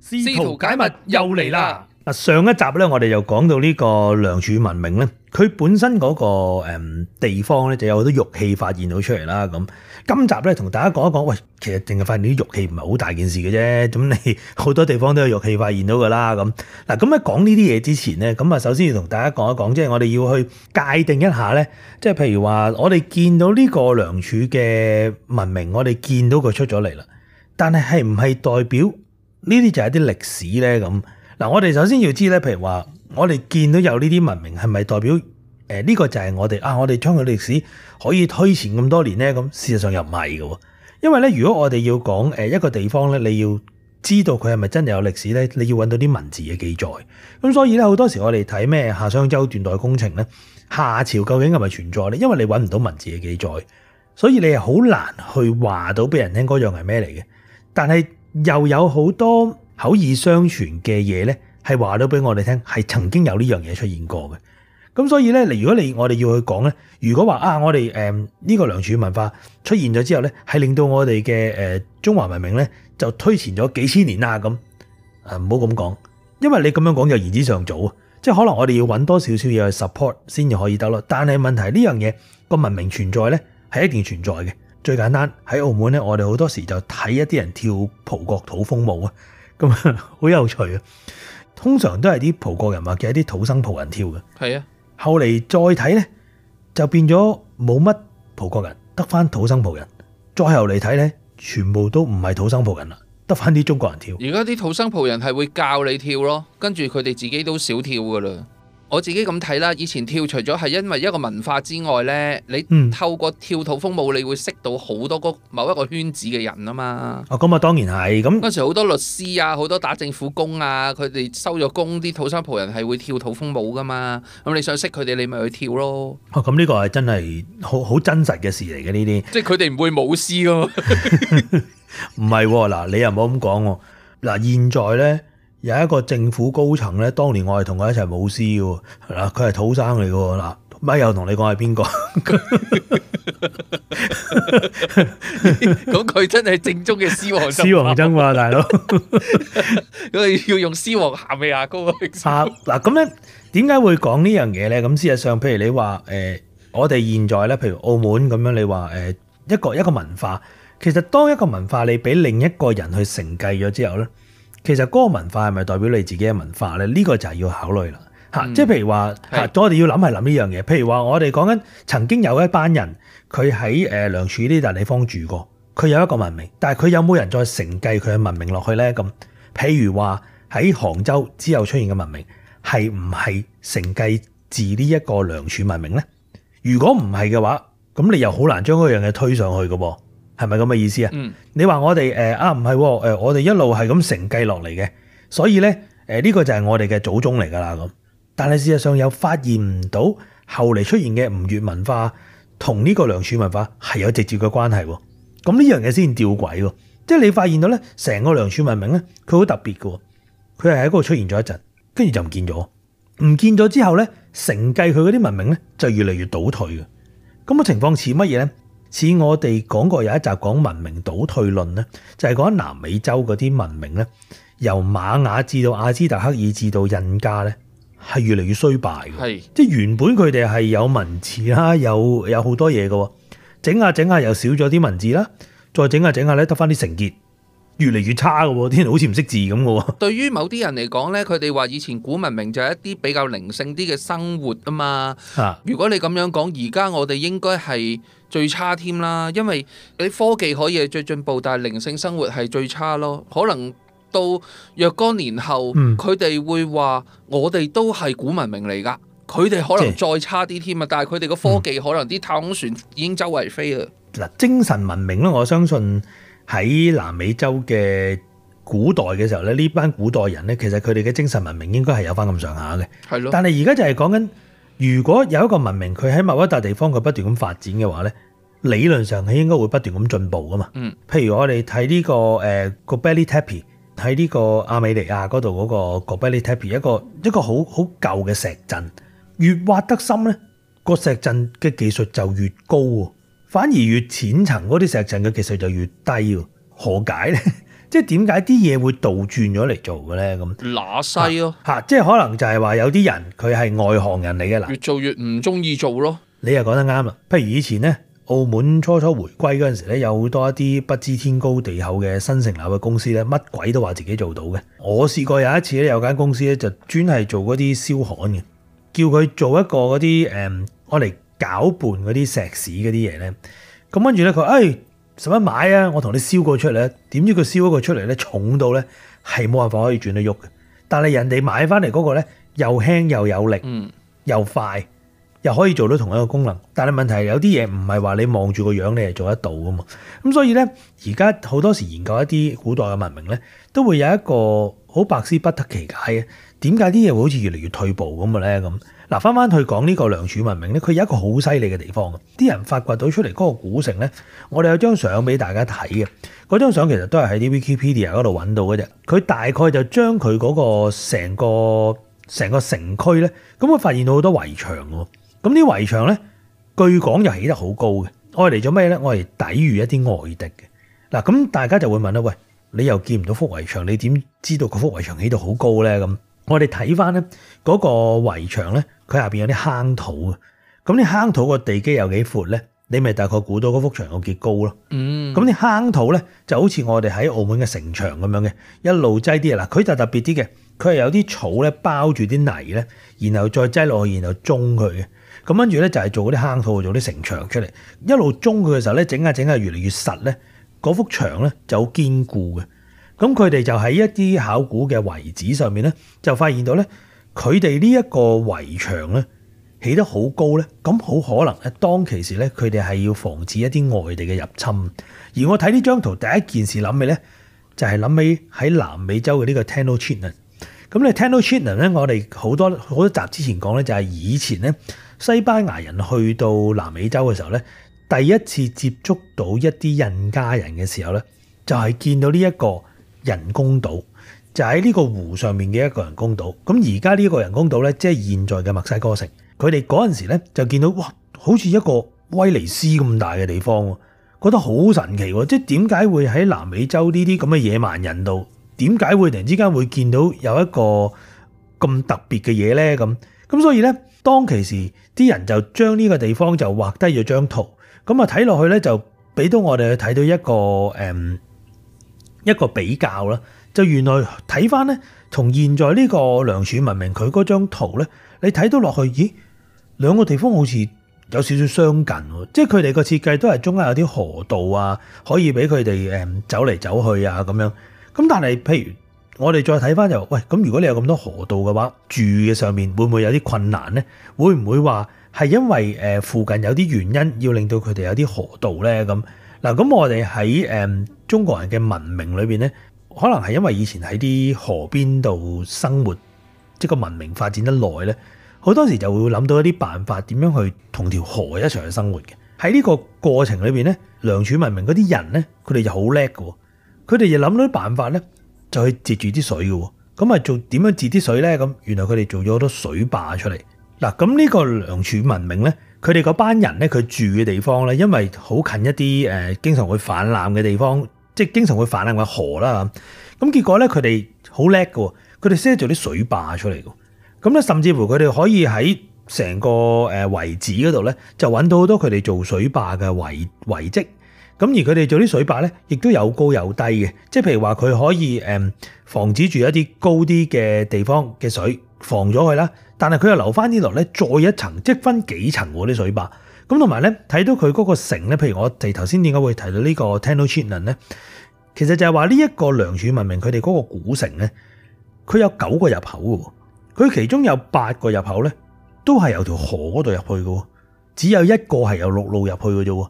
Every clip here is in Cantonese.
試圖解密又嚟啦！嗱，上一集咧，我哋又講到呢個良渚文明咧，佢本身嗰個誒地方咧就有好多玉器發現到出嚟啦。咁今集咧同大家講一講，喂，其實淨係發現啲玉器唔係好大件事嘅啫。咁你好多地方都有玉器發現到噶啦。咁嗱，咁喺講呢啲嘢之前咧，咁啊，首先要同大家講一講，即係我哋要去界定一下咧，即係譬如話我哋見到呢個良渚嘅文明，我哋見到佢出咗嚟啦，但係係唔係代表？呢啲就係啲歷史咧，咁，嗱，我哋首先要知咧，譬如話我哋見到有呢啲文明，係咪代表呢個就係我哋啊？我哋將佢歷史可以推前咁多年咧？咁事實上又唔係嘅，因為咧，如果我哋要講一個地方咧，你要知道佢係咪真係有歷史咧，你要揾到啲文字嘅記載。咁所以咧，好多時我哋睇咩夏商周斷代工程咧，夏朝究竟係咪存在咧？因為你揾唔到文字嘅記載，所以你係好難去話到俾人聽嗰樣係咩嚟嘅。但係又有好多口耳相傳嘅嘢咧，係話到俾我哋聽，係曾經有呢樣嘢出現過嘅。咁所以咧，你如果你我哋要去講咧，如果話啊，我哋呢個良渚文化出現咗之後咧，係令到我哋嘅中華文明咧就推前咗幾千年啊咁。唔好咁講，因為你咁樣講就言之尚早啊。即係可能我哋要揾多少少嘢去 support 先至可以得咯。但係問題呢樣嘢個文明存在咧係一定存在嘅。最簡單喺澳門咧，我哋好多時就睇一啲人跳葡國土風舞啊，咁啊好有趣啊！通常都係啲葡國人或者一啲土生葡人跳嘅。係啊，後嚟再睇呢，就變咗冇乜葡國人，得翻土生葡人。再後嚟睇呢，全部都唔係土生葡人啦，得翻啲中國人跳。而家啲土生葡人係會教你跳咯，跟住佢哋自己都少跳噶啦。我自己咁睇啦，以前跳除咗係因為一個文化之外呢，你透過跳土風舞，你會識到好多個某一個圈子嘅人啊嘛、嗯。哦，咁、嗯、啊，當然係。咁、嗯、嗰時好多律師啊，好多打政府工啊，佢哋收咗工，啲土生葡人係會跳土風舞噶嘛。咁你想識佢哋，你咪去跳咯。咁呢個係真係好好真實嘅事嚟嘅呢啲。即係佢哋唔會舞獅咯。唔係嗱，你又唔好咁講。嗱，現在呢。有一個政府高層咧，當年我係同佢一齊舞獅嘅，係啦，佢係土生嚟嘅嗱，乜又同你講係邊個？咁佢真係正宗嘅獅王。獅王僧嘛，大佬，要要用獅王鹹味牙膏啊！啊嗱，咁咧點解會講呢樣嘢咧？咁事實上，譬如你話誒、呃，我哋現在咧，譬如澳門咁樣你說，你話誒一個一個文化，其實當一個文化你俾另一個人去承繼咗之後咧。其實嗰個文化係咪代表你自己嘅文化咧？呢個就係要考慮啦嚇。即係譬如話嚇，我哋要諗係諗呢樣嘢。譬如話，想想如我哋講緊曾經有一班人，佢喺誒良渚呢笪地方住過，佢有一個文明，但係佢有冇人再承繼佢嘅文明落去咧？咁譬如話喺杭州之後出現嘅文明，係唔係承繼自呢一個良渚文明咧？如果唔係嘅話，咁你又好難將嗰樣嘢推上去嘅喎。係咪咁嘅意思，嗯，你說我們啊？你話我哋誒啊唔係誒，我哋一路係咁承繼落嚟嘅，所以咧誒呢個就係我哋嘅祖宗嚟噶啦咁。但係事實上又發現唔到後嚟出現嘅吳越文化同呢個良渚文化係有直接嘅關係。咁呢樣嘢先吊詭，即係你發現到咧，成個良渚文明咧，佢好特別嘅，佢係喺嗰度出現咗一陣，跟住就唔見咗。唔見咗之後咧，承繼佢嗰啲文明咧，就越嚟越倒退嘅。咁、那、嘅、個、情況似乜嘢咧？似我哋講過有一集講文明倒退論呢，就係講南美洲嗰啲文明呢由瑪雅至到阿茲特克，以至到印加呢係越嚟越衰敗嘅。即原本佢哋係有文字啦，有有好多嘢喎，整下整下又少咗啲文字啦，再整下整下呢，得翻啲成結，越嚟越差嘅喎，啲人好似唔識字咁㗎喎。對於某啲人嚟講呢，佢哋話以前古文明就係一啲比較靈性啲嘅生活啊嘛。吓，如果你咁樣講，而家我哋應該係。最差添啦，因為啲科技可以係最進步，但係靈性生活係最差咯。可能到若干年後，佢、嗯、哋會話，我哋都係古文明嚟噶，佢哋可能再差啲添啊。但係佢哋嘅科技、嗯、可能啲太空船已經周圍飛啦。嗱，精神文明咧，我相信喺南美洲嘅古代嘅時候咧，呢班古代人咧，其實佢哋嘅精神文明應該係有翻咁上下嘅。係咯，但係而家就係講緊。如果有一個文明佢喺某一笪地方佢不斷咁發展嘅話咧，理論上佢應該會不斷咁進步㗎嘛。嗯，譬如我哋睇呢個誒個 Göbekli Tepe 睇呢個亞美尼亞嗰度嗰個個 Göbekli Tepe 一個一個好好舊嘅石陣，越挖得深咧，個石陣嘅技術就越高，反而越淺層嗰啲石陣嘅技術就越低，何解咧？即係點解啲嘢會倒轉咗嚟做嘅咧？咁揦西咯、啊，嚇、啊！即係可能就係話有啲人佢係外行人嚟嘅啦，越做越唔中意做咯。你又講得啱啦。譬如以前呢，澳門初初回歸嗰陣時咧，有好多一啲不知天高地厚嘅新成立嘅公司呢，乜鬼都話自己做到嘅。我試過有一次呢，有間公司呢，就專係做嗰啲燒焊嘅，叫佢做一個嗰啲誒，我、嗯、嚟攪拌嗰啲石屎嗰啲嘢呢。咁跟住呢，佢、哎、誒。使乜買啊！我同你燒個出嚟，點知佢燒嗰個出嚟咧，重到咧，係冇辦法可以轉得喐嘅。但係人哋買翻嚟嗰個咧，又輕又有力，又快又可以做到同一個功能。但係問題係有啲嘢唔係話你望住個樣你係做得到噶嘛？咁所以咧，而家好多時研究一啲古代嘅文明咧，都會有一個好百思不得其解嘅，點解啲嘢會好似越嚟越退步咁嘅咧咁。嗱，翻翻去講呢個良渚文明咧，佢有一個好犀利嘅地方。啲人發掘到出嚟嗰個古城咧，我哋有張相俾大家睇嘅。嗰張相其實都係喺啲 Wikipedia 嗰度搵到嘅啫。佢大概就將佢嗰個成個成個城區咧，咁佢發現到好多圍牆喎。咁啲圍牆咧，據講又起得好高嘅。我嚟做咩咧？我嚟抵禦一啲外敵嘅。嗱，咁大家就會問啦，喂，你又見唔到幅圍牆，你點知道個幅圍牆起到好高咧？咁？我哋睇翻咧嗰個圍牆咧，佢下邊有啲坑土啊。咁啲坑土個地基有幾闊咧？你咪大概估到嗰幅牆有幾高咯。嗯。咁啲坑土咧就好似我哋喺澳門嘅城牆咁樣嘅，一路擠啲嘢嗱，佢就特別啲嘅，佢係有啲草咧包住啲泥咧，然後再擠落去，然後中佢嘅。咁跟住咧就係做嗰啲坑土，做啲城牆出嚟，一路中佢嘅時候咧，整下整下越嚟越實咧，嗰幅牆咧就好堅固嘅。咁佢哋就喺一啲考古嘅遺址上面咧，就發現到咧，佢哋呢一個圍牆咧起得好高咧，咁好可能咧當其時咧，佢哋係要防止一啲外地嘅入侵。而我睇呢張圖，第一件事諗起咧，就係諗起喺南美洲嘅呢個 Tenochtitlán。咁你 Tenochtitlán 咧，我哋好多好多集之前講咧，就係以前咧西班牙人去到南美洲嘅時候咧，第一次接觸到一啲印加人嘅時候咧，就係見到呢、這、一個。人工島就喺、是、呢個湖上面嘅一個人工島，咁而家呢個人工島呢，即係現在嘅墨西哥城。佢哋嗰陣時呢就見到，哇，好似一個威尼斯咁大嘅地方，覺得好神奇喎！即係點解會喺南美洲呢啲咁嘅野蠻人度，點解會突然之間會見到有一個咁特別嘅嘢呢？咁咁所以呢，當其時啲人就將呢個地方就畫低咗張圖，咁啊睇落去呢，就俾到我哋去睇到一個誒。嗯一個比較啦，就原來睇翻咧，同現在呢個良渚文明佢嗰張圖咧，你睇到落去，咦，兩個地方好似有少少相近喎，即係佢哋個設計都係中間有啲河道啊，可以俾佢哋誒走嚟走去啊咁樣。咁但係譬如我哋再睇翻就，喂，咁如果你有咁多河道嘅話，住嘅上面會唔會有啲困難咧？會唔會話係因為誒附近有啲原因要令到佢哋有啲河道咧？咁嗱，咁我哋喺誒。中國人嘅文明裏邊呢，可能係因為以前喺啲河邊度生活，即係個文明發展得耐呢，好多時就會諗到一啲辦法點樣去同條河一齊去生活嘅。喺呢個過程裏邊呢，良渚文明嗰啲人呢，佢哋就好叻嘅，佢哋亦諗到啲辦法呢，就去截住啲水嘅。咁啊，做點樣截啲水呢？咁原來佢哋做咗好多水壩出嚟。嗱，咁呢個良渚文明呢，佢哋嗰班人呢，佢住嘅地方呢，因為好近一啲誒經常會泛濫嘅地方。.即係經常會氾濫嘅河啦，咁結果咧佢哋好叻嘅，佢哋識做啲水壩出嚟嘅，咁咧甚至乎佢哋可以喺成個誒遺址嗰度咧，就揾到好多佢哋做水壩嘅遺遺跡。咁而佢哋做啲水壩咧，亦都有高有低嘅，即係譬如話佢可以誒防止住一啲高啲嘅地方嘅水防咗佢啦，但係佢又留翻呢度咧再一層即分幾層嗰啲水壩。咁同埋咧，睇到佢嗰個城咧，譬如我哋頭先點解會提到呢個 Tenochtitlan 城咧，其實就係話呢一個良渚文明佢哋嗰個古城咧，佢有九個入口嘅，佢其中有八個入口咧，都係由條河嗰度入去嘅，只有一個係由陸路入去嘅啫喎。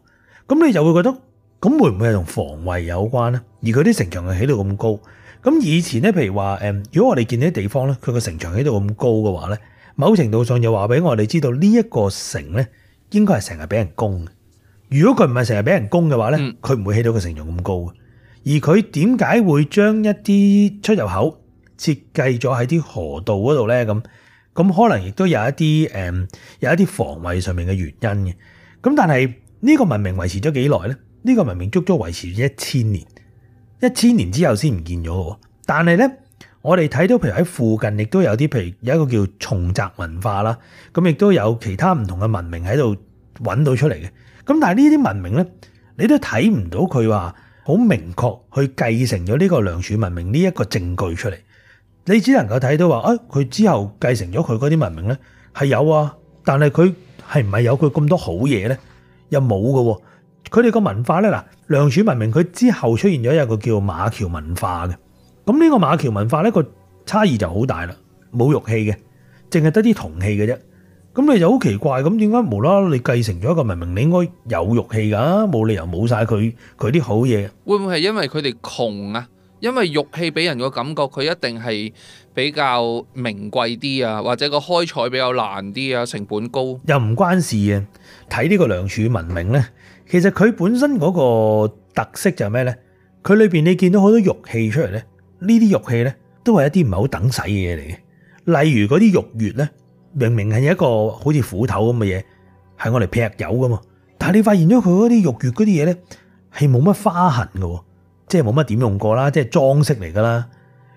咁你就會覺得，咁會唔會係同防衛有關咧？而佢啲城牆係起到咁高，咁以前咧，譬如話誒，如果我哋見到啲地方咧，佢個城牆起到咁高嘅話咧，某程度上就話俾我哋知道呢一個城咧。應該係成日俾人攻。如果佢唔係成日俾人攻嘅話咧，佢、嗯、唔會起到佢成容咁高。而佢點解會將一啲出入口設計咗喺啲河道嗰度咧？咁咁可能亦都有一啲、嗯、有一啲防衛上面嘅原因嘅。咁但係呢、這個文明維持咗幾耐咧？呢、這個文明足足維持咗一千年，一千年之後先唔見咗喎。但係咧。我哋睇到，譬如喺附近，亦都有啲，譬如有一個叫崧澤文化啦，咁亦都有其他唔同嘅文明喺度揾到出嚟嘅。咁但係呢啲文明咧，你都睇唔到佢話好明確去繼承咗呢個良渚文明呢一個證據出嚟。你只能夠睇到話，誒，佢之後繼承咗佢嗰啲文明咧係有啊，但係佢係唔係有佢咁多好嘢咧？又冇嘅。佢哋個文化咧，嗱，良渚文明佢之後出現咗一個叫馬橋文化嘅。咁呢個馬橋文化咧，個差異就好大啦，冇玉器嘅，淨係得啲銅器嘅啫。咁你就好奇怪，咁點解無啦啦你繼承咗一個文明，你應該有玉器㗎，冇理由冇曬佢佢啲好嘢。會唔會係因為佢哋窮啊？因為玉器俾人個感覺，佢一定係比較名貴啲啊，或者個開採比較難啲啊，成本高。又唔關事啊！睇呢個良渚文明咧，其實佢本身嗰個特色就係咩咧？佢裏邊你見到好多玉器出嚟咧。呢啲玉器咧，都係一啲唔係好等使嘅嘢嚟嘅。例如嗰啲玉月咧，明明係一個好似斧頭咁嘅嘢，係攞嚟劈友㗎嘛。但係你發現咗佢嗰啲玉月嗰啲嘢咧，係冇乜花痕㗎，即係冇乜點用過啦，即係裝飾嚟㗎啦。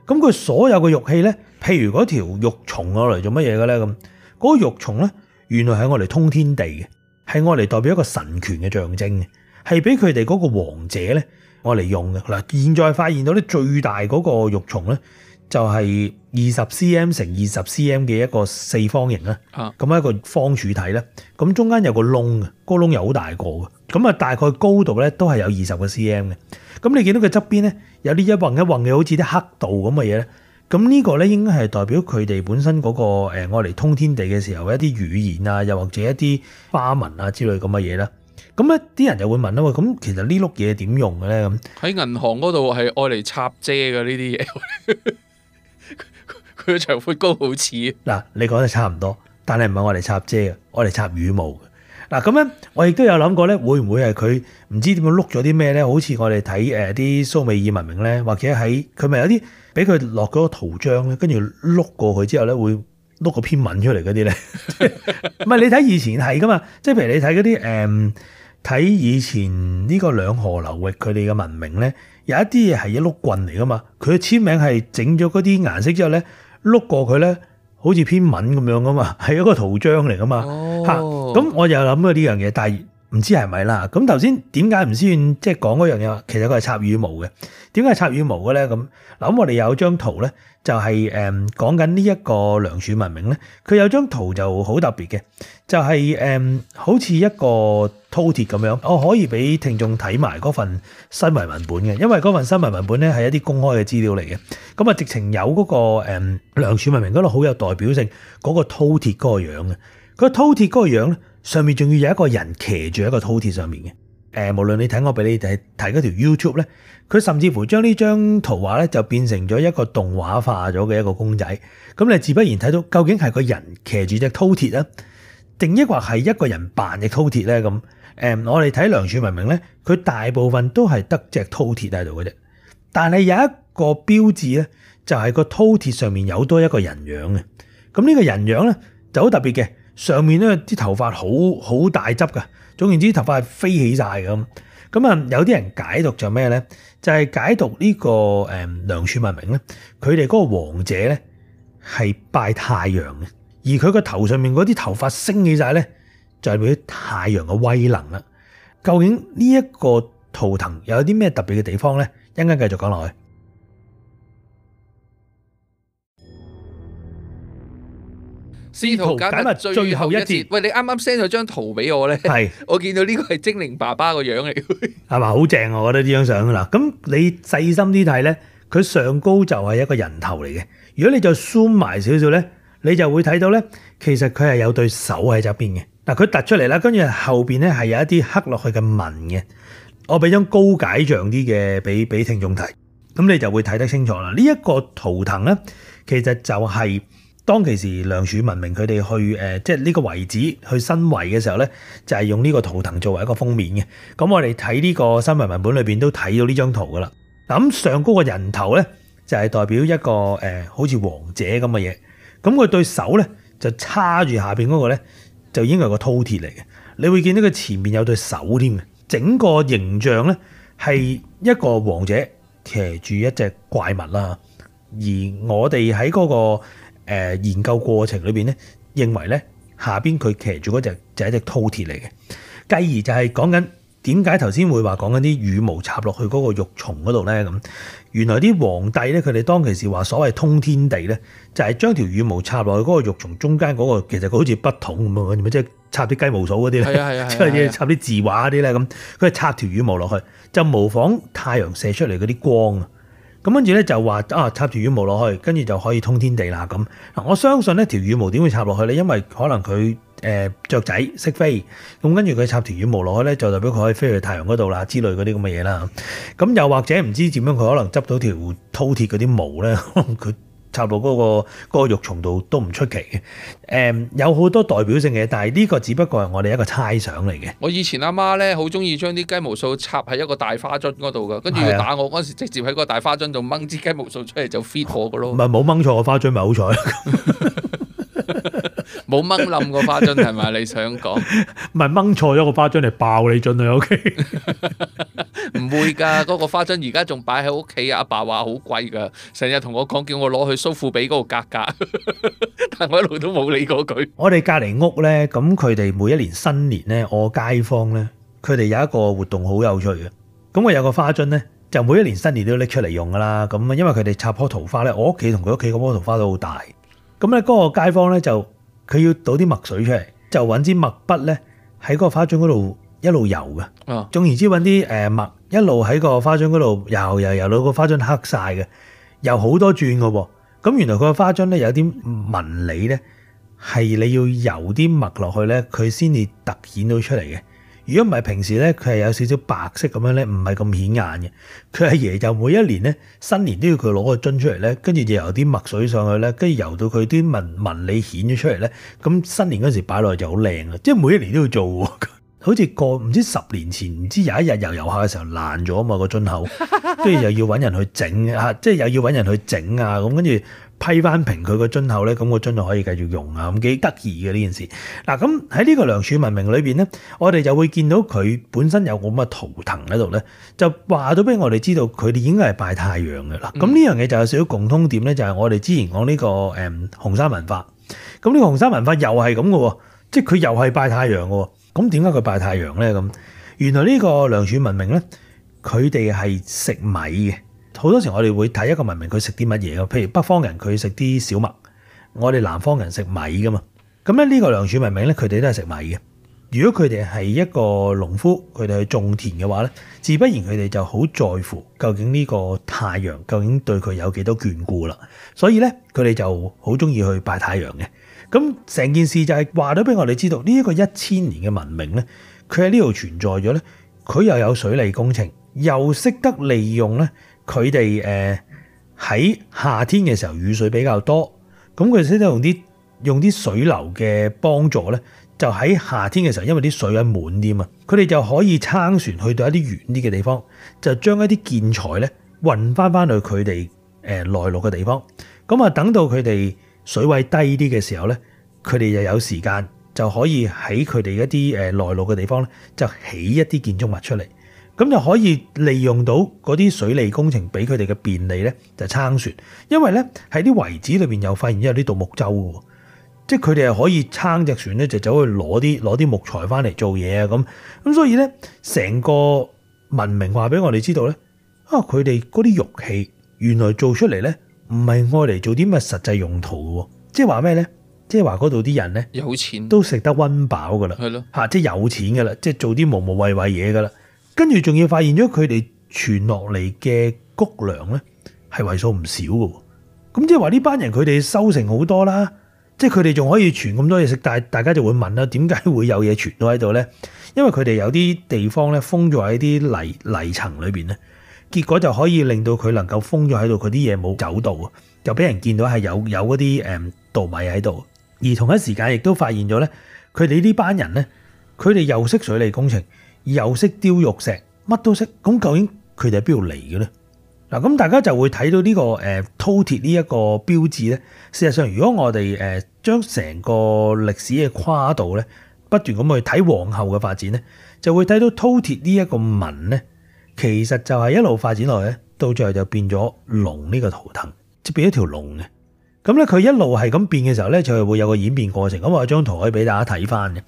咁佢所有嘅玉器咧，譬如嗰條玉蟲攞嚟做乜嘢㗎咧？咁、那、嗰個玉蟲咧，原來係攞嚟通天地嘅，係攞嚟代表一個神權嘅象徵嘅，係俾佢哋嗰個王者咧。我嚟用嘅嗱，現在發現到啲最大嗰個玉琮咧，就係二十 cm 乘二十 cm 嘅一個四方形啦，咁、啊、一個方柱體呢，咁中間有個窿嘅，個窿又好大個嘅，咁啊大概高度咧都係有二十個 cm 嘅，咁你見到佢側邊咧有啲一橫一橫嘅，好似啲刻度咁嘅嘢咧，咁呢個咧應該係代表佢哋本身嗰、個我嚟通天地嘅時候一啲語言啊，又或者一啲花紋啊之類咁嘅嘢啦。咁咧，啲人就會問啦喎，咁其實呢碌嘢點用嘅咧？咁喺銀行嗰度係愛嚟插遮嘅呢啲嘢，佢嘅 長闊高好似嗱，你講得差唔多，但係唔係愛嚟插遮嘅，愛嚟插羽毛嘅。嗱咁咧，我亦都有諗過咧，會唔會係佢唔知點樣碌咗啲咩咧？好似我哋睇誒啲蘇美爾文明咧，或者喺佢咪有啲俾佢落咗個圖章咧，跟住碌過去之後咧，會碌個篇文出嚟嗰啲咧。唔 係 你睇以前係噶嘛，即係譬如你睇嗰啲誒。呃睇以前呢個兩河流域佢哋嘅文明咧，有一啲嘢係一碌棍嚟噶嘛，佢嘅簽名係整咗嗰啲顏色之後咧，碌過佢咧，好似篇文咁樣噶嘛，係一個圖章嚟噶嘛，咁、哦啊、我又諗咗呢樣嘢，但唔知係咪啦？咁頭先點解唔先即係講嗰樣嘢？其實佢係插羽毛嘅。點解係插羽毛嘅咧？咁嗱咁，我哋有張圖咧、就係嗯，就係誒講緊呢一個良渚文明咧。佢有張圖就好特別嘅，就係誒好似一個饕餮咁樣。我可以俾聽眾睇埋嗰份新聞文本嘅，因為嗰份新聞文本咧係一啲公開嘅資料嚟嘅。咁、嗯、啊，直情有嗰、嗰個、嗯、良渚文明嗰度好有代表性嗰、嗰個饕餮嗰個樣嘅。佢饕餮嗰個樣咧。上面仲要有一個人騎住一個饕餮上面嘅，誒，無論你睇我俾你睇睇嗰條 YouTube 咧，佢甚至乎將呢張圖畫咧就變成咗一個動畫化咗嘅一個公仔，咁你自不然睇到究竟係個人騎住隻饕餮吖，定抑或係一個人扮隻饕餮咧？咁誒，我哋睇良渚文明咧，佢大部分都係得隻饕餮喺度嘅啫，但係有一個標誌咧，就係個饕餮上面有多一個人樣嘅，咁呢個人樣咧就好特別嘅。上面咧啲頭髮好好大執㗎。總言之頭髮係飛起晒咁。咁啊有啲人解讀就咩咧？就係、是、解讀呢個誒良渚文明咧，佢哋嗰個王者咧係拜太陽嘅，而佢個頭上面嗰啲頭髮升起晒咧，就係代表太陽嘅威能啦。究竟呢一個圖騰有啲咩特別嘅地方咧？一陣間繼續講落去。試圖解密最後一節。喂，你啱啱 send 咗張圖俾我咧，係我見到呢個係精靈爸爸個樣嚟，係嘛？好正，我覺得呢張相啦。咁你細心啲睇咧，佢上高就係一個人頭嚟嘅。如果你就縮埋少少咧，你就會睇到咧，其實佢係有對手喺側邊嘅。嗱，佢凸出嚟啦，跟住後邊咧係有一啲刻落去嘅紋嘅。我俾張高解像啲嘅俾俾聽眾睇，咁你就會睇得清楚啦。呢一個圖騰咧，其實就係。當其時，良渚文明佢哋去誒，即係呢個遺址去申遺嘅時候咧，就係、是、用呢個圖騰作為一個封面嘅。咁我哋睇呢個新聞文本裏邊都睇到呢張圖噶啦。咁上高個人頭咧，就係、是、代表一個誒、呃，好似王者咁嘅嘢。咁佢對手咧，就叉住下邊嗰、那個咧，就應該係個饕餮嚟嘅。你會見到佢前面有對手添嘅。整個形象咧係一個王者騎住一隻怪物啦。而我哋喺嗰個。誒研究過程裏面咧，認為咧，下邊佢騎住嗰隻就係、是、一隻饕餮嚟嘅。繼而就係講緊點解頭先會話講緊啲羽毛插落去嗰個玉琮嗰度咧咁。原來啲皇帝咧，佢哋當其時話所謂通天地咧，就係將條羽毛插落去嗰個玉琮中間嗰、那個，其實佢好似筆筒咁樣，即係、啊啊啊、插啲雞毛掃嗰啲咧，即係插啲字畫嗰啲咧咁。佢插條羽毛落去，就模仿太陽射出嚟嗰啲光啊！咁跟住咧就話啊插條羽毛落去，跟住就可以通天地啦咁。嗱，我相信呢條羽毛點會插落去咧，因為可能佢誒、呃、雀仔識飛，咁跟住佢插條羽毛落去咧，就代表佢可以飛去太陽嗰度啦，之類嗰啲咁嘅嘢啦。咁又或者唔知點樣，佢可能執到條饕餮嗰啲毛咧，佢。 插到嗰個嗰個肉蟲度都唔出奇嘅。誒、um，有好多代表性嘅，但係呢個只不過係我哋一個猜想嚟嘅。我以前阿媽咧好中意將啲雞毛掃插喺一個大花樽嗰度噶，跟住佢打我嗰時，直接喺個大花樽度掹支雞毛掃出嚟就 fit 我噶咯。唔係冇掹錯個花樽，咪好彩。 冇掹冧個花樽係咪？你想講？唔係掹錯咗個花樽嚟爆你樽去屋企，唔會噶，嗰個花樽而家仲擺喺屋企啊！阿爸話好貴噶，成日同我講叫我攞去蘇富比嗰個價格，但係我一路都冇理過佢。我哋隔籬屋咧，咁佢哋每一年新年咧，我街坊咧，佢哋有一個活動好有趣嘅。咁我有個花樽咧，就每一年新年都拎出嚟用噶啦。咁因為佢哋插棵桃花咧，我屋企同佢屋企嗰棵桃花都好大。咁咧，嗰個街坊咧就。佢要倒啲墨水出嚟，就揾支墨筆咧，喺嗰個花樽嗰度一路游嘅。哦，總言之揾啲誒墨一路喺、呃、個花樽嗰度游游游到個花樽黑晒嘅，又好多轉嘅喎。咁原來佢個花樽咧有啲紋理咧，係你要油啲墨落去咧，佢先至突顯到出嚟嘅。如果唔係平時咧，佢係有少少白色咁樣咧，唔係咁顯眼嘅。佢阿爺就每一年咧新年都要佢攞個樽出嚟咧，跟住就由啲墨水上去咧，跟住由到佢啲紋紋理顯咗出嚟咧，咁新年嗰時擺落就好靚喇。即係每一年都要做，好似過唔知十年前唔知有一日油油下嘅時候爛咗啊嘛個樽口，跟住又要搵人去整啊，即係又要搵人去整啊咁跟住。批翻平佢、那個樽口咧，咁個樽就可以繼續用啊！咁幾得意嘅呢件事。嗱咁喺呢個良渚文明裏邊咧，我哋就會見到佢本身有個咁嘅圖騰喺度咧，就話到俾我哋知道佢哋應該係拜太陽嘅啦。咁、嗯、呢樣嘢就有少少共通點咧，就係、是、我哋之前講呢、這個誒紅、嗯、山文化。咁呢個紅山文化又係咁嘅，即係佢又係拜太陽嘅。咁點解佢拜太陽咧？咁原來呢個良渚文明咧，佢哋係食米嘅。好多時我哋會睇一個文明，佢食啲乜嘢，譬如北方人佢食啲小麥；我哋南方人食米噶嘛。咁咧呢個良渚文明咧，佢哋都係食米嘅。如果佢哋係一個農夫，佢哋去種田嘅話咧，自不然佢哋就好在乎究竟呢個太陽究竟對佢有幾多眷顧啦。所以咧，佢哋就好中意去拜太陽嘅。咁成件事就係話咗俾我哋知道，呢一個一千年嘅文明咧，佢喺呢度存在咗咧，佢又有水利工程，又識得利用咧。佢哋喺夏天嘅時候雨水比較多，咁佢哋先得用啲用啲水流嘅幫助咧，就喺夏天嘅時候，因為啲水位滿啲啊嘛，佢哋就可以撐船去到一啲遠啲嘅地方，就將一啲建材咧運翻翻去佢哋誒內陸嘅地方。咁啊，等到佢哋水位低啲嘅時候咧，佢哋又有時間就可以喺佢哋一啲誒內陸嘅地方咧，就起一啲建築物出嚟。咁就可以利用到嗰啲水利工程俾佢哋嘅便利咧，就撐船。因為咧喺啲遺址裏邊又發現咗有啲獨木舟嘅，即係佢哋係可以撐隻船咧，就走去攞啲攞啲木材翻嚟做嘢啊咁。咁所以咧，成個文明話俾我哋知道咧，啊佢哋嗰啲玉器原來做出嚟咧唔係愛嚟做啲乜實際用途喎。即係話咩咧？即係話嗰度啲人咧有錢都食得溫飽㗎啦，係咯吓，即係有錢㗎啦，即係做啲無無謂謂嘢㗎啦。跟住仲要發現咗佢哋傳落嚟嘅谷糧咧，係為數唔少喎。咁即係話呢班人佢哋收成好多啦，即係佢哋仲可以傳咁多嘢食。但係大家就會問啦，點解會有嘢傳咗喺度咧？因為佢哋有啲地方咧封咗喺啲泥泥層裏邊咧，結果就可以令到佢能夠封咗喺度，佢啲嘢冇走到，就到，就俾人見到係有有嗰啲誒稻米喺度。而同一時間亦都發現咗咧，佢哋呢班人咧，佢哋又識水利工程。又識雕玉石，乜都識。咁究竟佢哋喺邊度嚟嘅咧？嗱，咁大家就會睇到呢個誒饕餮呢一個標誌咧。事實上，如果我哋誒將成個歷史嘅跨度咧，不斷咁去睇往後嘅發展咧，就會睇到饕餮呢一個紋咧，其實就係一路發展落去咧，到最後就變咗龍呢個圖騰，即係變咗條龍嘅。咁咧，佢一路係咁變嘅時候咧，就係會有個演變過程。咁我有張圖可以俾大家睇翻嘅。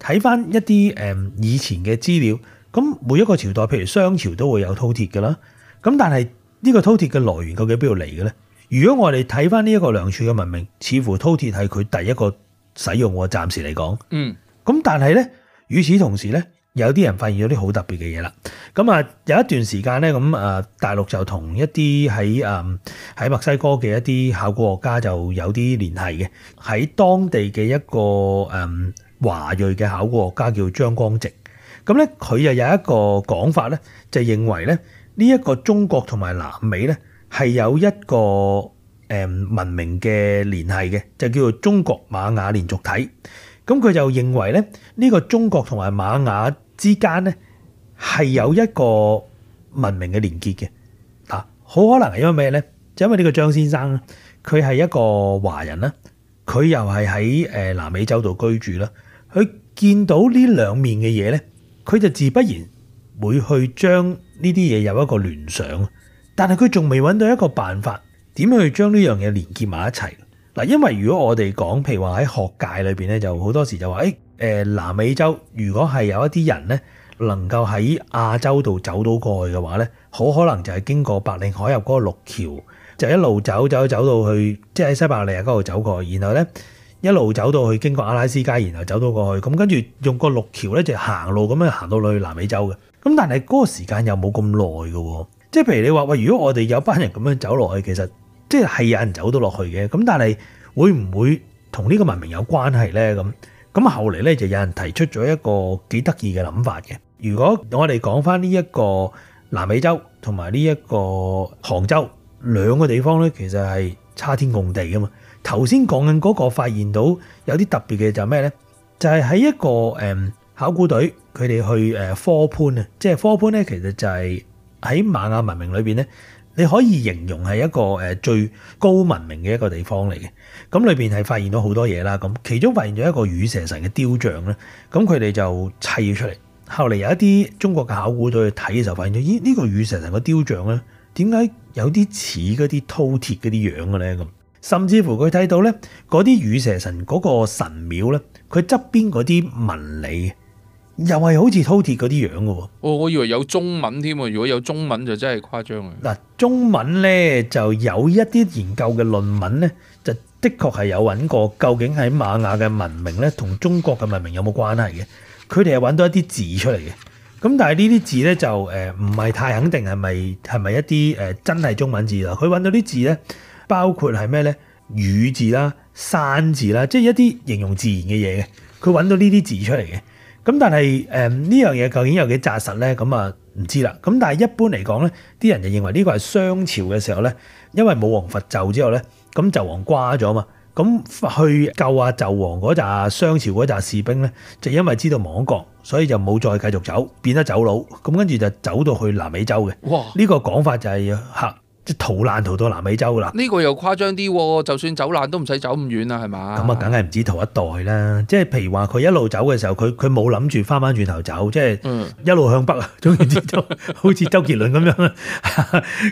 睇翻一啲誒以前嘅資料，咁每一個朝代，譬如商朝都會有饕餮嘅啦。咁但係呢個饕餮嘅來源究竟邊度嚟嘅咧？如果我哋睇翻呢一個良渚嘅文明，似乎饕餮係佢第一個使用我暫時嚟講，嗯，咁但係咧，與此同時咧，有啲人發現咗啲好特別嘅嘢啦。咁啊，有一段時間咧，咁啊大陸就同一啲喺誒喺墨西哥嘅一啲考古學家就有啲聯繫嘅，喺當地嘅一個誒。嗯華裔嘅考古學家叫張光直，咁咧佢又有一個講法咧，就認為咧呢一個中國同埋南美咧係有一個誒文明嘅聯繫嘅，就叫做中國瑪雅連續體。咁佢就認為咧呢個中國同埋瑪雅之間咧係有一個文明嘅連結嘅。嗱，好可能係因為咩咧？就因為呢個張先生咧，佢係一個華人啦，佢又係喺誒南美洲度居住啦。佢見到呢兩面嘅嘢呢，佢就自不然會去將呢啲嘢有一個聯想，但係佢仲未揾到一個辦法點樣去將呢樣嘢連結埋一齊。嗱，因為如果我哋講，譬如話喺學界裏邊呢，就好多時就話，誒、哎呃、南美洲如果係有一啲人呢，能夠喺亞洲度走到過去嘅話呢，好可能就係經過白令海入嗰個陸橋，就一路走走走到去，即係喺西伯利亞嗰度走過，然後呢。一路走到去，經過阿拉斯加，然後走到過去，咁跟住用個陸橋咧，就行路咁樣行到落去南美洲嘅。咁但係嗰個時間又冇咁耐嘅喎。即係譬如你話喂，如果我哋有班人咁樣走落去，其實即係有人走到落去嘅。咁但係會唔會同呢個文明有關係呢？咁咁後嚟咧就有人提出咗一個幾得意嘅諗法嘅。如果我哋講翻呢一個南美洲同埋呢一個杭州兩個地方咧，其實係。差天共地噶嘛？頭先講緊嗰個發現到有啲特別嘅就係咩呢？就係、誒、喺一個考古隊佢哋去科潘啊，即係科潘呢，其實就係喺瑪雅文明裏面呢，你可以形容係一個最高文明嘅一個地方嚟嘅。咁裏面係發現到好多嘢啦，咁其中發現咗一個羽蛇神嘅雕像呢，咁佢哋就砌出嚟。後嚟有一啲中國嘅考古隊去睇嘅時候，發現咗呢呢個羽蛇神嘅雕像呢。點解有啲似嗰啲饕餮嗰啲樣嘅咧咁？甚至乎佢睇到咧嗰啲羽蛇神嗰個神廟咧，佢側邊嗰啲紋理又係好似饕餮嗰啲樣嘅喎、哦。我以為有中文添，如果有中文就真係誇張嗱，中文咧就有一啲研究嘅論文咧，就的確係有揾過究竟喺瑪雅嘅文明咧同中國嘅文明有冇關係嘅。佢哋係揾到一啲字出嚟嘅。咁但係呢啲字咧就誒唔係太肯定係咪係咪一啲誒真係中文字啦？佢揾到啲字咧，包括係咩咧？雨字啦、山字啦，即係一啲形容自然嘅嘢嘅。佢揾到呢啲字出嚟嘅。咁但係誒呢樣嘢究竟有幾紮實咧？咁啊唔知啦。咁但係一般嚟講咧，啲人就認為呢個係商朝嘅時候咧，因為武王伐紂之後咧，咁紂王瓜咗啊嘛。咁去救阿紂王嗰紮商朝嗰紮士兵咧，就因為知道亡國，所以就冇再繼續走，變得走佬。咁跟住就走到去南美洲嘅。呢個講法就係吓。逃難逃到南美洲啦！呢個又誇張啲喎，就算走難都唔使走咁遠啦，係嘛？咁啊，梗係唔止逃一代啦。即係譬如話佢一路走嘅時候，佢佢冇諗住翻返轉頭走，即係一路向北。嗯，總言之，就好似周杰倫咁樣。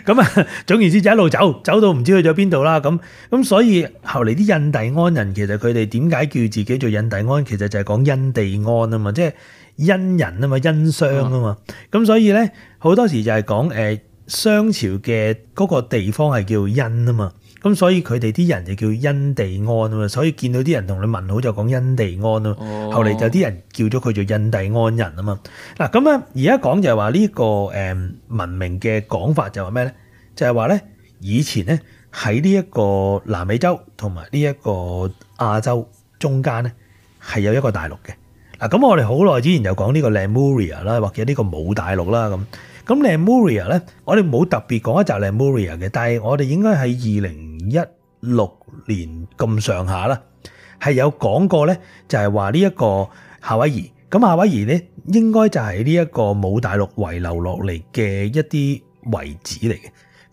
咁啊，總言之，就一路走，走到唔知去咗邊度啦。咁咁，所以後嚟啲印第安人其實佢哋點解叫自己做印第安？其實就係講殷地安啊嘛，即係殷人啊嘛，殷商啊嘛。咁，嗯，所以呢，好多時就係講誒。商朝嘅嗰個地方係叫殷啊嘛，咁所以佢哋啲人就叫殷地安啊嘛，所以見到啲人同你問好就講殷地安咯。哦，後嚟就啲人叫咗佢做印第安人啊嘛。嗱咁咧，而家講就係話呢個誒文明嘅講法就係話咩咧？就係話咧，以前咧喺呢一個南美洲同埋呢一個亞洲中間咧係有一個大陸嘅。嗱咁我哋好耐之前就講呢個 Lemuria 啦，或者呢個姆大陸啦咁。咁咧，Muria 咧，我哋冇特別講一集咧，Muria 嘅，但係我哋應該喺二零一六年咁上下啦，係有講過咧，就係話呢一個夏威夷。咁夏威夷咧，應該就係呢一個冇大陸遺留落嚟嘅一啲遺址嚟嘅。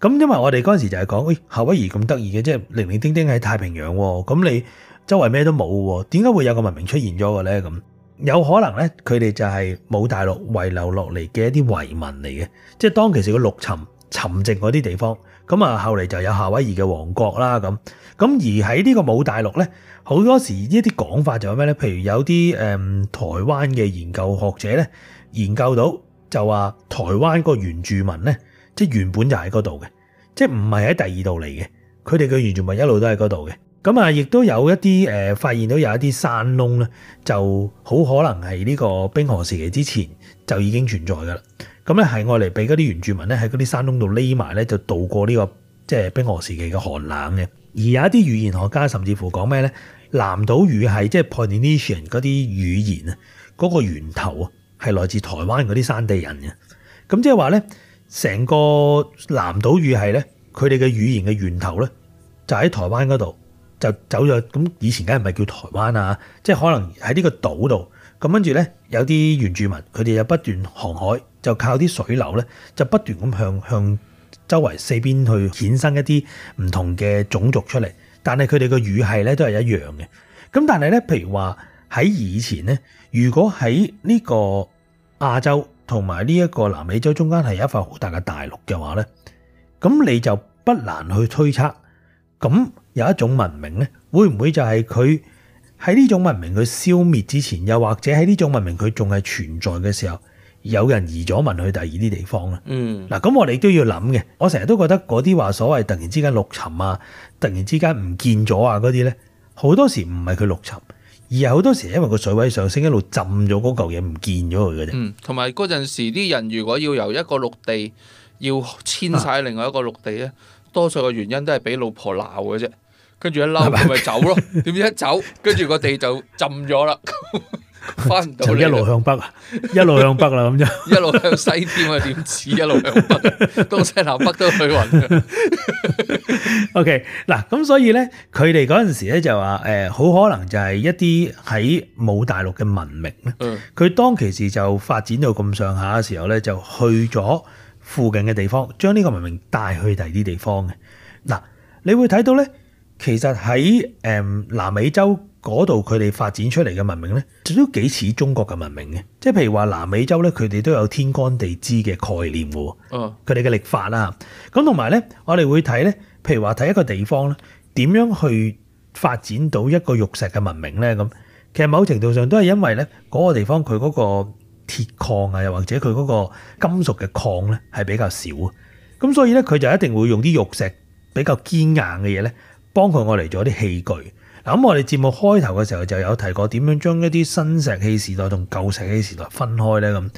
咁因為我哋嗰時時就係講，誒、哎、夏威夷咁得意嘅，即係零零丁丁喺太平洋喎，咁你周圍咩都冇喎，點解會有個文明出現咗嘅咧？咁？有可能咧，佢哋就係武大陸遺留落嚟嘅一啲遺民嚟嘅，即係當其時個陸沉沉寂嗰啲地方，咁啊後嚟就有夏威夷嘅王國啦咁。咁而喺呢個武大陸咧，好多時呢一啲講法就係咩咧？譬如有啲誒、嗯、台灣嘅研究學者咧，研究到就話台灣個原住民咧，即係原本就喺嗰度嘅，即係唔係喺第二度嚟嘅，佢哋嘅原住民一路都喺嗰度嘅。咁啊，亦都有一啲誒、呃、發現到有一啲山窿咧，就好可能係呢個冰河時期之前就已經存在噶啦。咁咧係外嚟俾嗰啲原住民咧喺嗰啲山窿度匿埋咧，就度過呢、這個即係冰河時期嘅寒冷嘅。而有一啲語言學家甚至乎講咩咧？南島語系即係 Polynesian 嗰啲語言啊，嗰、那個源頭啊係來自台灣嗰啲山地人嘅。咁即係話咧，成個南島語系咧佢哋嘅語言嘅源頭咧，就喺台灣嗰度。就走咗，咁以前梗係唔係叫台灣啊？即係可能喺呢個島度，咁跟住咧有啲原住民，佢哋又不斷航海，就靠啲水流咧，就不斷咁向向周圍四邊去衍生一啲唔同嘅種族出嚟。但係佢哋嘅語系咧都係一樣嘅。咁但係咧，譬如話喺以前咧，如果喺呢個亞洲同埋呢一個南美洲中間係有一塊好大嘅大陸嘅話咧，咁你就不難去推測。咁有一種文明呢，會唔會就係佢喺呢種文明佢消滅之前，又或者喺呢種文明佢仲係存在嘅時候，有人移咗民去第二啲地方呢？嗯，嗱，咁我哋都要諗嘅。我成日都覺得嗰啲話所謂突然之間陸沉啊，突然之間唔見咗啊嗰啲呢，好多時唔係佢陸沉，而係好多時因為個水位上升，一路浸咗嗰嚿嘢唔見咗佢嘅啫。同埋嗰陣時啲人如果要由一個陸地要遷晒另外一個陸地咧。啊多數嘅原因都係俾老婆鬧嘅啫，跟住一嬲，佢咪走咯。點知一走，跟住個地就浸咗啦，翻唔到，一路向北啊，一路向北啦，咁就一路向西添啊，點止？一路向北， 東西南北都去混。 OK，嗱，咁所以咧，佢哋嗰陣時咧就話誒，好可能就係一啲喺冇大陸嘅文明咧，佢、嗯、當其時就發展到咁上下嘅時候咧，就去咗。附近嘅地方，將呢個文明帶去第二啲地方嘅。嗱，你會睇到咧，其實喺誒南美洲嗰度，佢哋發展出嚟嘅文明咧，其實都幾似中國嘅文明嘅。即係譬如話，南美洲咧，佢哋都有天干地支嘅概念喎。佢哋嘅歷法啦，咁同埋咧，我哋會睇咧，譬如話睇一個地方咧，點樣去發展到一個玉石嘅文明咧？咁其實某程度上都係因為咧，嗰個地方佢嗰個。鐵礦啊，又或者佢嗰個金屬嘅礦咧，係比較少啊。咁所以咧，佢就一定會用啲玉石比較堅硬嘅嘢咧，幫佢愛嚟做啲器具。嗱，咁我哋節目開頭嘅時候就有提過，點樣將一啲新石器時代同舊石器時代分開咧？咁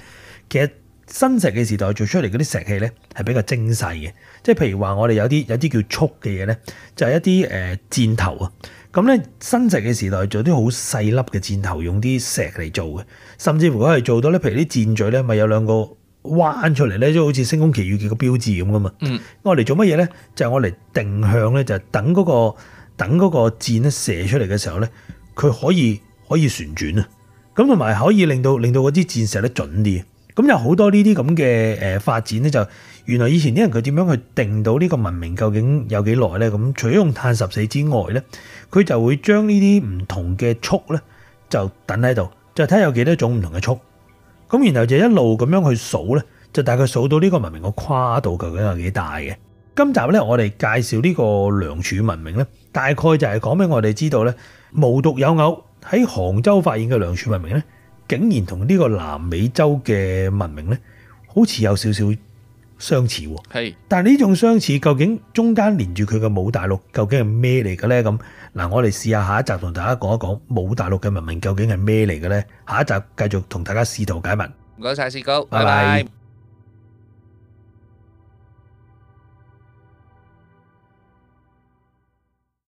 其實新石器時代做出嚟嗰啲石器咧，係比較精細嘅。即係譬如話，我哋有啲有啲叫速嘅嘢咧，就係、是、一啲誒箭頭啊。咁咧，新石嘅時代做啲好細粒嘅箭頭，用啲石嚟做嘅。甚至乎如果係做到咧，譬如啲箭嘴咧，咪有兩個彎出嚟咧，即好似《星空奇遇記》嘅標誌咁噶嘛。嗯，我嚟做乜嘢咧？就係我嚟定向咧，就係、等嗰、個等嗰個箭咧射出嚟嘅時候咧，佢可以可以旋轉啊，咁同埋可以令到令到嗰支箭射得準啲。咁有好多呢啲咁嘅誒發展咧，就原來以前啲人佢點樣去定到呢個文明究竟有幾耐咧？咁除咗用碳十四之外咧，佢就會將呢啲唔同嘅速咧就等喺度，就睇下有幾多種唔同嘅速。咁然後就一路咁樣去數咧，就大概數到呢個文明個跨度究竟有幾大嘅。今集咧，我哋介紹呢個良渚文明咧，大概就係講俾我哋知道咧，無獨有偶喺杭州發現嘅良渚文明咧。竟然同呢個南美洲嘅文明呢，好似有少少相似喎。但呢種相似究竟中間連住佢嘅母大陸究竟係咩嚟嘅呢？咁嗱，我哋試下下一集同大家講一講母大陸嘅文明究竟係咩嚟嘅呢。下一集繼續同大家試圖解密。唔該晒，士高，拜拜。拜拜。